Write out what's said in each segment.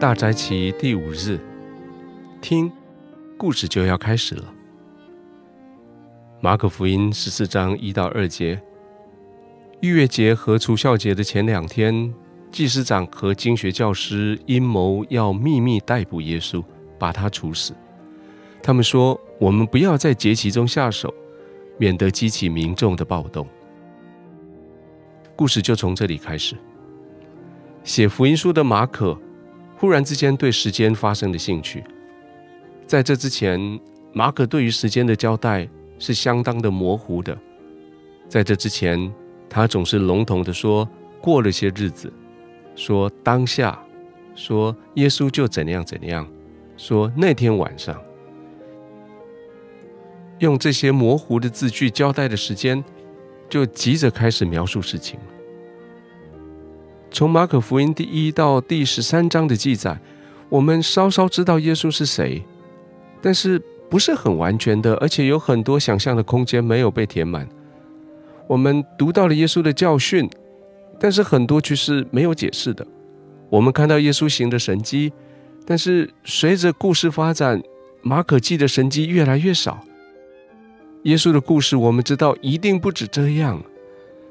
大齋期第五日，聽，故事就要開始了。馬可福音十四章一到二節，逾越節和除酵節的前兩天，祭司長和經學教師陰謀要秘密逮捕耶穌，把他處死。他們說：“我們不要在節期中下手，免得激起民眾的暴動。”故事就從這裡開始。寫福音書的馬可。忽然之間，對時間發生了興趣。在這之前，馬可對於時間的交代是相當的模糊的。在這之前，他總是籠統的說“過了些日子”，說“當下”，說“耶穌就怎樣怎樣”，說“那天晚上”，用這些模糊的字句交代的時間，就急着開始描述事情。從馬可福音第一到第十三章的記載，我們稍稍知道耶穌是誰，但是不是很完全的，而且有很多想象的空間沒有被填滿。我們讀到了耶穌的教訓，但是很多卻是沒有解釋的。我們看到耶穌行的神蹟，但是隨着故事發展，馬可記的神蹟越來越少。耶穌的故事，我們知道一定不止這樣。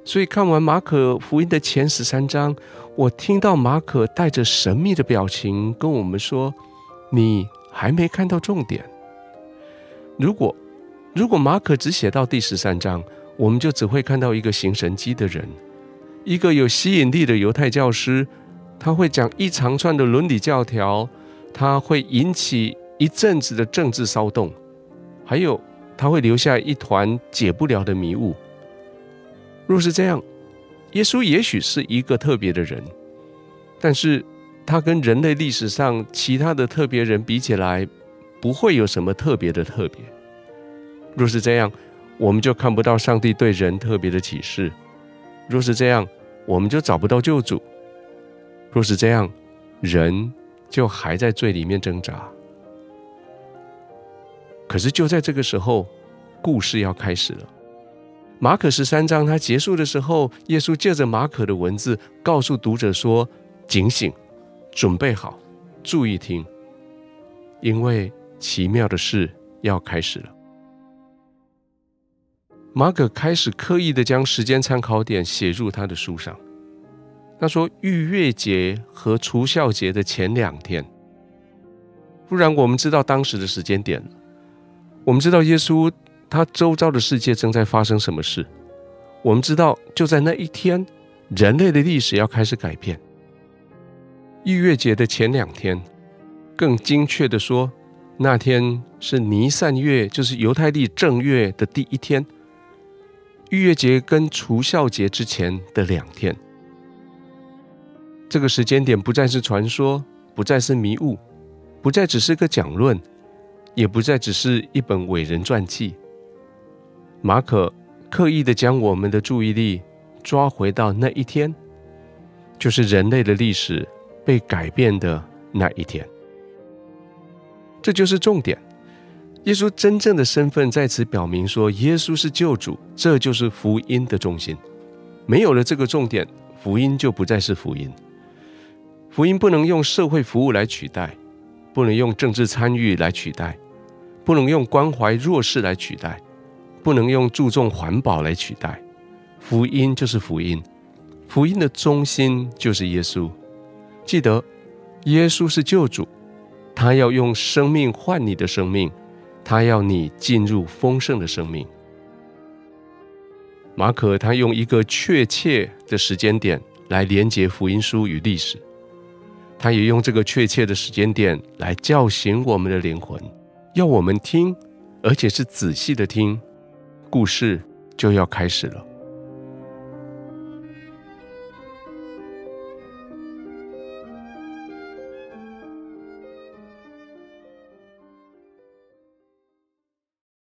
所以看完馬可福音的前十三章，我聽到馬可帶着神秘的表情跟我們說：“你還沒看到重點。如果如果馬可只寫到第十三章，我們就只會看到一個行神機行神蹟的人，一個有吸引力的猶太教師，他會講一長串的倫理教條，他會引起一陣子的政治騷動，還有他會留下一團解不了的迷霧。”若是這樣，耶穌也許是一個特別的人，但是他跟人類歷史上其他的特別人比起來，不會有什麼特別的特別。若是這樣，我們就看不到上帝對人特別的啟示；若是這樣，我們就找不到救主；若是這樣，人就還在罪裡面掙扎。可是就在這個時候，故事要開始了。馬可十三章，他結束的時候，耶穌借着馬可的文字告訴讀者說：“警醒，準備好，注意聽，因為奇妙的事要開始了。”馬可開始刻意的將時間參考點寫入他的書上。他說：“逾越節和除酵節的前兩天。”不然，我們知道當時的時間點了。我們知道耶穌，他周遭的世界正在發生什麼事？我們知道，就在那一天，人類的歷史要開始改變。逾越節的前兩天，更精確的說，那天是尼散月，就是猶太曆正月的第一天。逾越節跟除酵節之前的兩天，這個時間點不再是傳說，不再是迷霧，不再只是個講論，也不再只是一本偉人傳記。馬可刻意地將我們的注意力抓回到那一天，就是人類的歷史被改變的那一天。這就是重點。耶穌真正的身份在此表明說，耶穌是救主。這就是福音的中心。沒有了這個重點，福音就不再是福音。福音不能用社會服務來取代，不能用政治參與來取代，不能用關懷弱勢來取代。不能用注重環保來取代，福音就是福音，福音的中心就是耶穌。記得，耶穌是救主，他要用生命換你的生命，他要你進入豐盛的生命。馬可他用一個確切的時間點來連接福音書與歷史，他也用這個確切的時間點來叫醒我們的靈魂，要我們聽，而且是仔細的聽。故事就要開始了。